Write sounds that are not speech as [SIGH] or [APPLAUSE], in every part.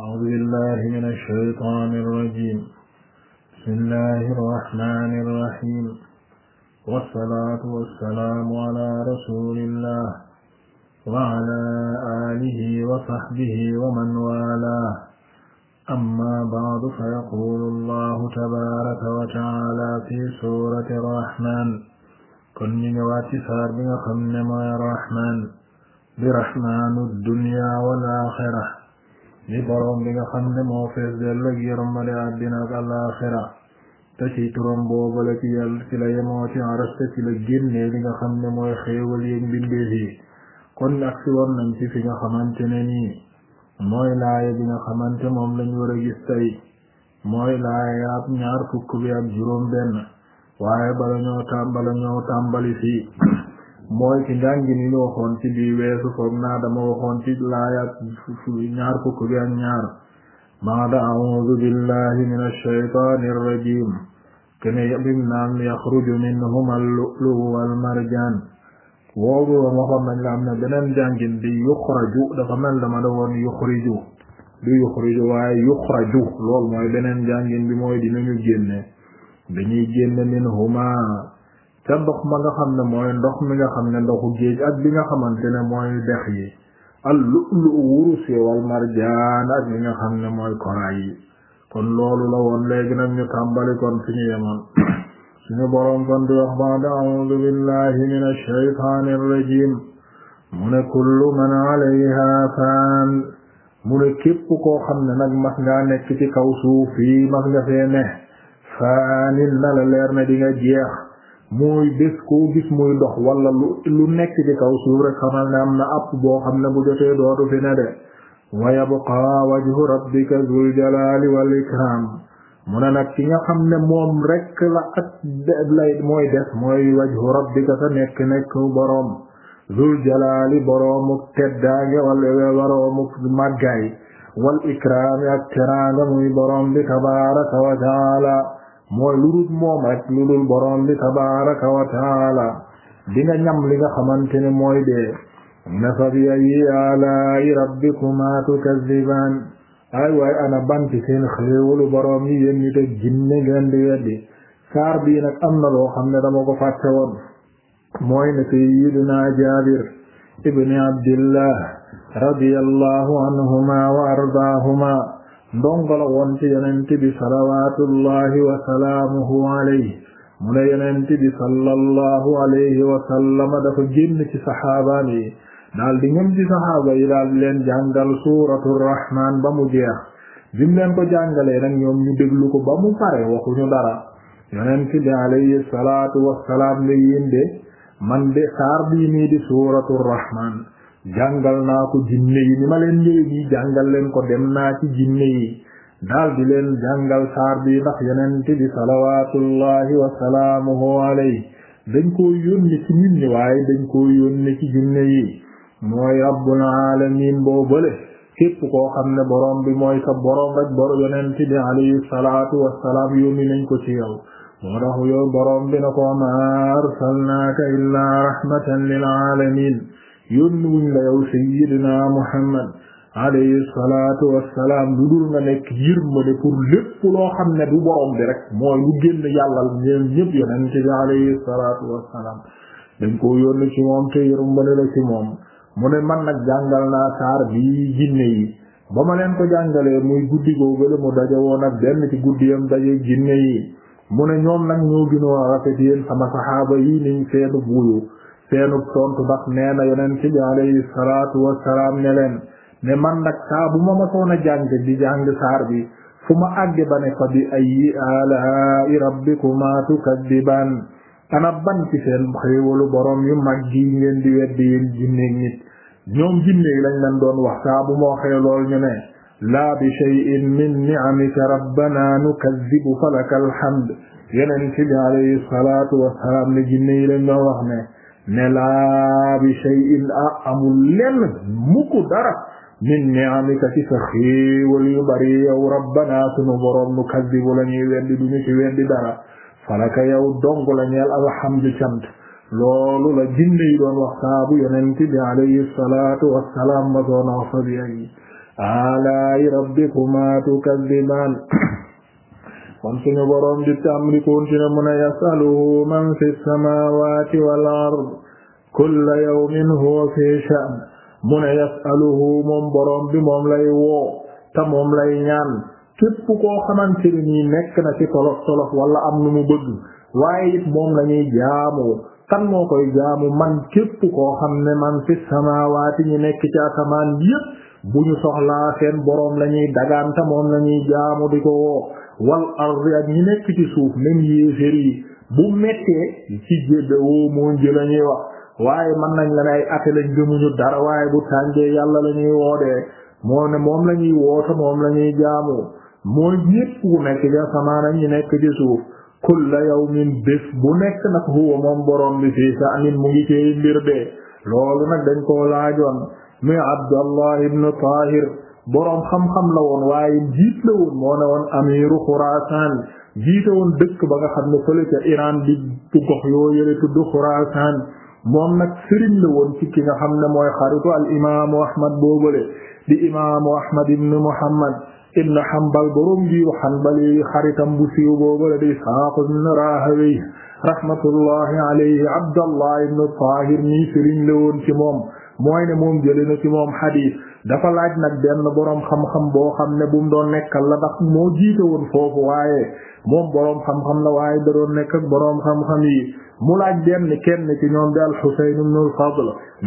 أعوذ بالله من الشيطان الرجيم بسم الله الرحمن الرحيم والصلاة والسلام على رسول الله وعلى آله وصحبه ومن والاه أما بعد فيقول الله تبارك وتعالى في سورة الرحمن kon ñu ñëwaat ci saar bi nga xam ne mooy Rahmaan bi rahmaanu dunya wal aaxira di boroom bi nga xam ne moo fees dell ak yërmande àddina ak àllaaxira te ci turam boobu la ci yàlla ci la yemoo ci aras te ci la génnee li nga xam ne mooy xéewal yéeg mbindeef yi kon ak si war nañ fi nga xamante ne nii mooy laaya bi nga xamante moom lañ war a gis tey mooy laaya ab ñaar fukk bi ak juróom benn waaye bala ñoo tàmbala ñoo tàmbali mooy ci njàngi ni ñu waxoon ci bii weesu foog naa dama waxoon ci laaya ñaar fukk bi ak ñaar baada a'uudu billahi min alshaytaani irrajim kene yabim naan yaxruju minhum al-lu'lu'u wal-marjaan woobu woon waxoon nañ la am na beneen njàngin di yuxraju dafa mel dama da woon yuxriju du yuxriju waaye yuxraju lool mooy beneen njàngin bi mooy dinañu génne dañuy génne minhuma ca ndox ma nga xam ne mooy ndox mi nga xam ne ndoxu géej ak bi nga xamante ne mooy dex yi al lu'lu wurus wal marjaan ak li nga xam ne mooy koraay yi kon loolu la woon léegi nag ñu tàmbali kon fi ñu yemoon [COUGHS] suñu boroom kon di wax ba'da a'uudu billahi minash shaytaanir rajiim mu ne kullu man 'alayhaa faan mu ne képp koo xam ne nag mas ngaa nekk ci kaw suuf fii mas nga fee ne faanin na la leer na di jeex mooy bés koo gis muy dox walla lu lu nekk ci kaw suuf rek am na app boo xam ne bu jotee dootu fi ne de wa yabqa wajhu rabbika zul jalali wal ikram mu ne nag ki nga xam ne moom rek la ak lay mooy des mooy wajhu rabbika sa nekk nekk boroom zul jalali boroomuk teddaange wala boroomuk màggaay wal ikraami ak teraanga muy boroom bi tabaraka wa taala mooy lu dul moom rek lu dul borom bi tabaaraka wa taala di nga ñam li nga xamante ne mooy dee na fa bi ayyi alaa'i rabbikumaa tukazzibaan ay waay ana seen xéewalu borom yi yéen nit jinne ngeen di saar bii nag am na loo xam ne dama ko fàtte woon mooy ne sayyidina Jaabir ibni Abdillah radiyallahu anhuma wa ardaahuma ndongo la woon ci yonent bi salawaatullahi wa salaamuhu alayhi mu ne yonent bi sallallahu alayhi wa sallam dafa génn ci saxaabaan yi daal di ñëm ci saxaaba yi daal di leen jàngal suuratu rahmaan ba mu jeex bim leen ko jàngalee nag ñoom ñu déglu ko ba mu pare waxuñu dara yonent bi alayhi salaatu wa salaam ne yéen de man de saar bii nii di suuratu rahmaan jàngal naa ko jinne yi ni ma leen njëriñ yi jàngal ko dem naa ci jinne yi daal di leen jàngal saar bi ndax yonent bi salawaatullahi wa salaamuhu alayhi dañ koo yónni ci nit ñi waaye dañ koo yónni ci jinne yi mooy rabbul alamin boo bële képp koo xam ne boroom bi mooy sa borom rek boro yonent bi alayhi sa wa salaam yónni ko ci bi na ko ma arsalnaaka illaa rahmatan lil alamin yónni wuñ la yow sayyidina Muhammad alayhi salaatu wassalaam lu dul nga nekk yërmande pour lépp loo xam ne du borom bi rek mooy lu génn yàllal ñeen ñëpp yonent bi alayhi salaatu wassalaam dañ ko yónni ci moom te yërmande la ci moom mu ne man nag jàngal naa saar bii jinne yi ba ma leen ko jàngalee muy guddi googale mu daje woon ak benn ci guddiyam daje jinne yi mu ne ñoom nag ñoo gënoo rafet yéen sama saxaaba yi niñ seenu buyu seenub tontu ndax nee na yonent bi alayhi salaatu wassalaam ne leen ne man nag saa bu ma masoon a jàng di jàng saar bi fu ma àgge ba ne fa bi ayyi alaa'i rabbikumaa tukaddibaan ana ban ci seen xéewalu borom yu mag gi ngeen di weddi yéen jinneeg nit ñoom jinneeg lañ leen doon wax saa bu ma waxee lool ñu ne laa bi shay'in min ni'amika rabbana nukazzibu falakal hamd yonent bi alayhi salaatu wassalaam ne jinne yi lañ doon wax ne ne laa bi shay'in a ah, amul lenn mukku dara min ni'amika ci sa xéewal yu bari yow rabbana sunu boroom nu kaddibu la ñuy weddi du ñu ci weddi dara falaka yow dong la ñeel alhamdu cant loolu la jinne yi doon wax saabu yonent bi alayhi salaatu wassalaam ma doon wax fa bi ay alaayi rabbikumaa tukaddibaan kon suñu boroom di tàmbali kontine mu ne yasaluhu man fi samawati wal ard kulla yawmin huwa fi sha'n mu moom boroom bi moom lay woo te moom lay ñaan képp koo xamante ne nekk na ci tolof tolof wala am lu mu bëgg waaye it moom lañuy jaamu kan moo koy jaamu man képp koo xam ne man fi samaawaati nekk ci asamaan yépp bu ñu soxlaa seen boroom lañuy dagaanta moom lañuy jaamu di ko woo wal ardi ak ñi nekk suuf même yéeféer yi bu mettee ci gédda woo moon ji la ñuy wax waaye mën nañ la ne ay ate lañ gëmuñu dara waaye bu tàngee yàlla la ñuy woode moo moom la ñuy woota moom la ñuy jaamu mooy ñépp ku nekk ja samaana ñi nekk ci suuf kulla yawmin bés bu nekk nag huwa moom borom bi fii sa'nin mu ngi ciy mbir de loolu nag dañ ko laajoon mi Abdallah ibn Tahir borom xam-xam la woon waaye jiit la woon moo ne woon amiru Xuraasaan jiite woon dëkk ba nga xam ne fële ca Iran di gox yoo tudd Xuraasaan moom nag sëriñ la woon ci ki xam ne mooy xaritu al imaamu Ahmad boobale di imaamu Ahmad ibn Muhammad ibn Hanbal boroom jiiru Hanbali xaritam bu siiw boobale di Ishaaq ibn Raahawayh rahmatullahi alayhi Abdallah ibn Taahir nii sëriñ la woon ci moom mooy ne moom jëlee na ci moom xadiis dafa laaj nag benn boroom xam-xam boo xam ne bu mu doon nekkal la ndax moo jiite woon foofu waaye moom boroom xam-xam la waaye da doon nekk ak boroom xam-xam yi mu laaj benn kenn ci ñoom di al-Husayn ibn al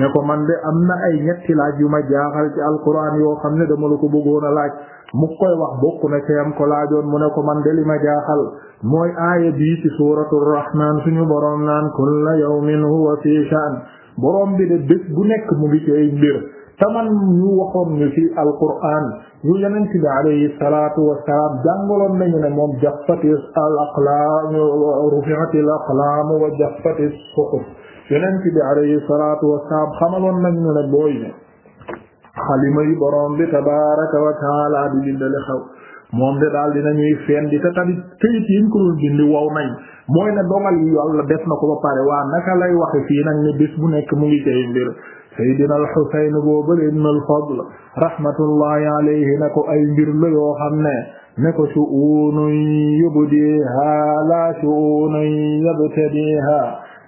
ne ko man de am na ay ñetti laaj yu ma jaaxal ci alquran yoo xam ne dama la ko bëggoon a laaj mu koy wax bokk na ci am ko laajoon mu ne ko man de li ma jaaxal mooy aaya bii ci suuratu rahmaan suñu boroom naan kulla yawmin huwa borom bi de bés nekk mu ngi ci ay mbir taman ñu waxoon ñu ci alquran ñu yonent bi alayhi salaatu wassalaam jàngaloon ne moom jaffati al aqlaam rufi'ati al aqlaam wa jaffati suhuf yonent bi alayhi salaatu wassalaam xamaloon nañu ne booy xalima yi borom bi tabaaraka wa taala di bindale xaw moom de daal dinañuy feen di te tamit këyit yi ñu ko doon bindi waw nañ mooy ne dogal yi yàlla def na ko ba pare waa naka lay waxe fii nag ne bés bu nekk mu ngi cay mbir Seydina al-Husayn boobale ibn al-Fadl rahmatullahi alayhi ne ko ay mbir la yoo xam ne ne ko shu'unun yubdiha la shu'unun yabtadiha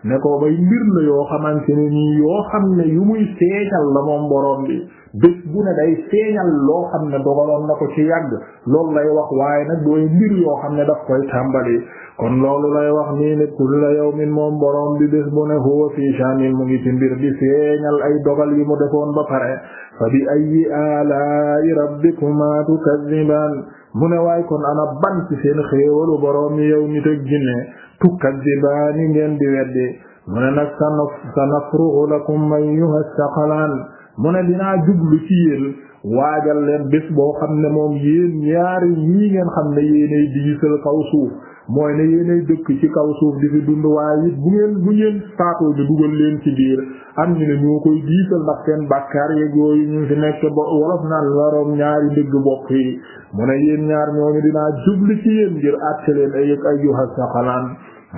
ne ko bay mbir la yoo xamante ne nii yoo xam ne yu muy seetal la moom borom bi bés bu ne day feeñal loo xam ne dogaloon na ko ci yàgg loolu lay wax waaye nag dooy mbir yoo xam ne daf koy tàmbali kon loolu lay wax nii ne kulla yawmin moom boroom bi bés bu ne huwa fii sha'nin mu ngi ci mbir di feeñal ay dogal yi mu defoon ba pare fa bi ayyi alaa'i rabbikumaa tukazzibaan mu ne waay kon ana ban ci seen xéewalu boroom yi yow nit ak jinne tukazzibaani ngeen di weddi mu ne nag sa nafruhu lakum ayyuha thaqalaan mu ne dinaa jublu ci yéen waajal leen bés boo xam ne moom yéen ñaari ñii ngeen xam ne yéenay diisal kaw suuf mooy ne yéenay dëkk ci kaw suuf di fi dund waaye it bu ngeen bu ngeen faatoo bi dugal leen ci biir am ñu ne ñoo koy diisal ndax seen bàkkaar yeeg yooyu ñu fi nekk ba wolof naan waroom ñaari ndëgg bokk yi mu ne yéen ñaar ñooñu dinaa jublu ci yéen ngir àtte leen ay ayyuha saqalaan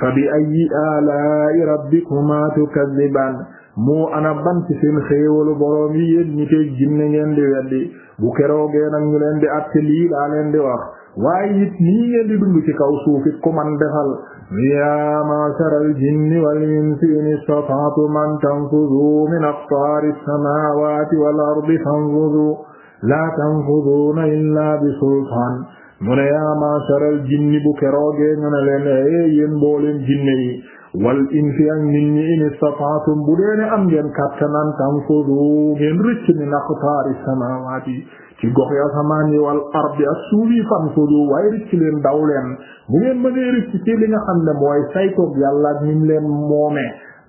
fa bi ayyi alaa'i rabbikumaa tukazzibaan mu ana ban ci seen xéewalu boroom yi yéen ñi koy jinne ngeen di weddi bu keroogee nag ñu leen lii daa leen di wax waaye it nii ngeen di dund ci kaw suuf it man defal yaa ma'sharal jinni wal insi in istata'tum an tanfudu min aqtaari samaawaati wal ardi fanfudu laa tanfuduuna illaa bi sultaan yaa ma'sharal jinni bu keroogee ñu ne leen ee eh, yéen mbooleen yi wal insi ak nit ñi in istata'tum bu dee ne am ngeen kàttanan tanfudu ngeen rëcc ni naqtaari samaawaati ci gox yi asamaan yi wal ardi ak suuf yi fanfudu waaye rëcc leen daw leen bu ngeen mënee rëcc ci li nga xam ne mooy saytoog yàlla ak nim leen moome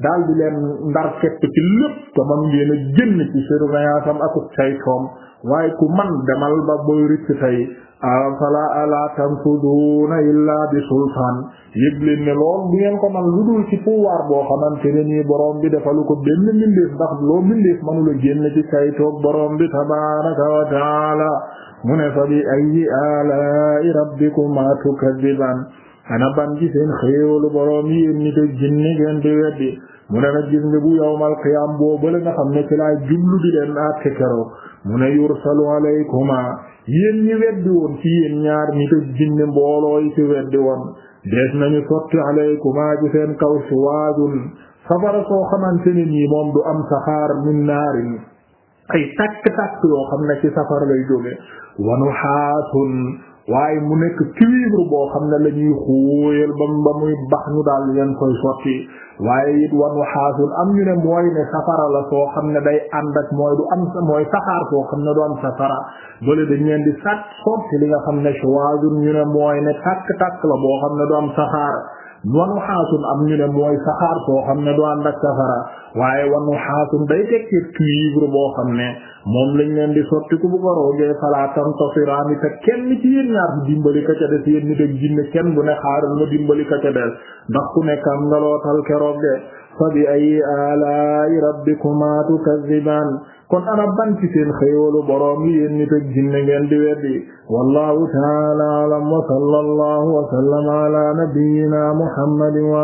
daal di leen ndar fekk ci lépp te man ngeen a génn ci surveillance am ak saytoom waaye ku man demal ba booy rëcc tey afala ala tanfuduna illa bi sultaan yëg leen lool du ko man lu dul ci pouvoir boo xamante ne nii borom defalu ko benn mbindeef ndax loo mbindeef manula génn ci kayitoog borom bi tabaraka wa taala mu ne fa bi ayyi alaa'i rabbikuma tukadiban ana ban ci seen xéewalu borom yéen nit ak jinni ngeen di weddi mu ne nag gis nga bu yawmal qiyaam boo bële nga xam ne ci laay jublu di leen àtte keroog mu ne yursalu alaykumaa yéen ñi weddi woon ci yéen ñaar ñi ko jinne mbooloo yi ci weddi woon dees nañu sotti alaykumaa ci seen kaw suwaadun safara soo xamante ne nii moom du am saxaar min naarin ay takk-takk yoo xam ne ci safar lay jóge wanu xaasun waaye mu nekk cuivre boo xam ne la ñuy xóoyal ba ba muy bax ñu daal leen koy sotti waaye it wanu xaasul am ñu ne mooy ne safara la soo xam ne day ànd ak mooy du am mooy saxaar soo xam ne du safara bale dañ leen di sàcc sotti li nga xam ne choisun ñu ne mooy ne tàkk-tàkk la boo xam ne du am saxaar wanu xaasul am ñu ne mooy saxaar soo xam ne du ànd ak safara waaye wanu xaasum day tekki boo xam ne moom lañ leen di sotti ku bu ko roogee falaa tantasiraani te kenn ci yéen dimbali ka ca des yéen nit kenn bu ne xaaral ma dimbali ka ca des ndax ku nekk am nga lootal fa bi ay alaa'i rabbikumaa tukazzibaan kon ana ban ci seen xéewalu boroom yi yéen nit ak jinne di weddi wallahu ta'ala a'lam wa sallallahu wa sallama ala nabiyyina muhammadin wa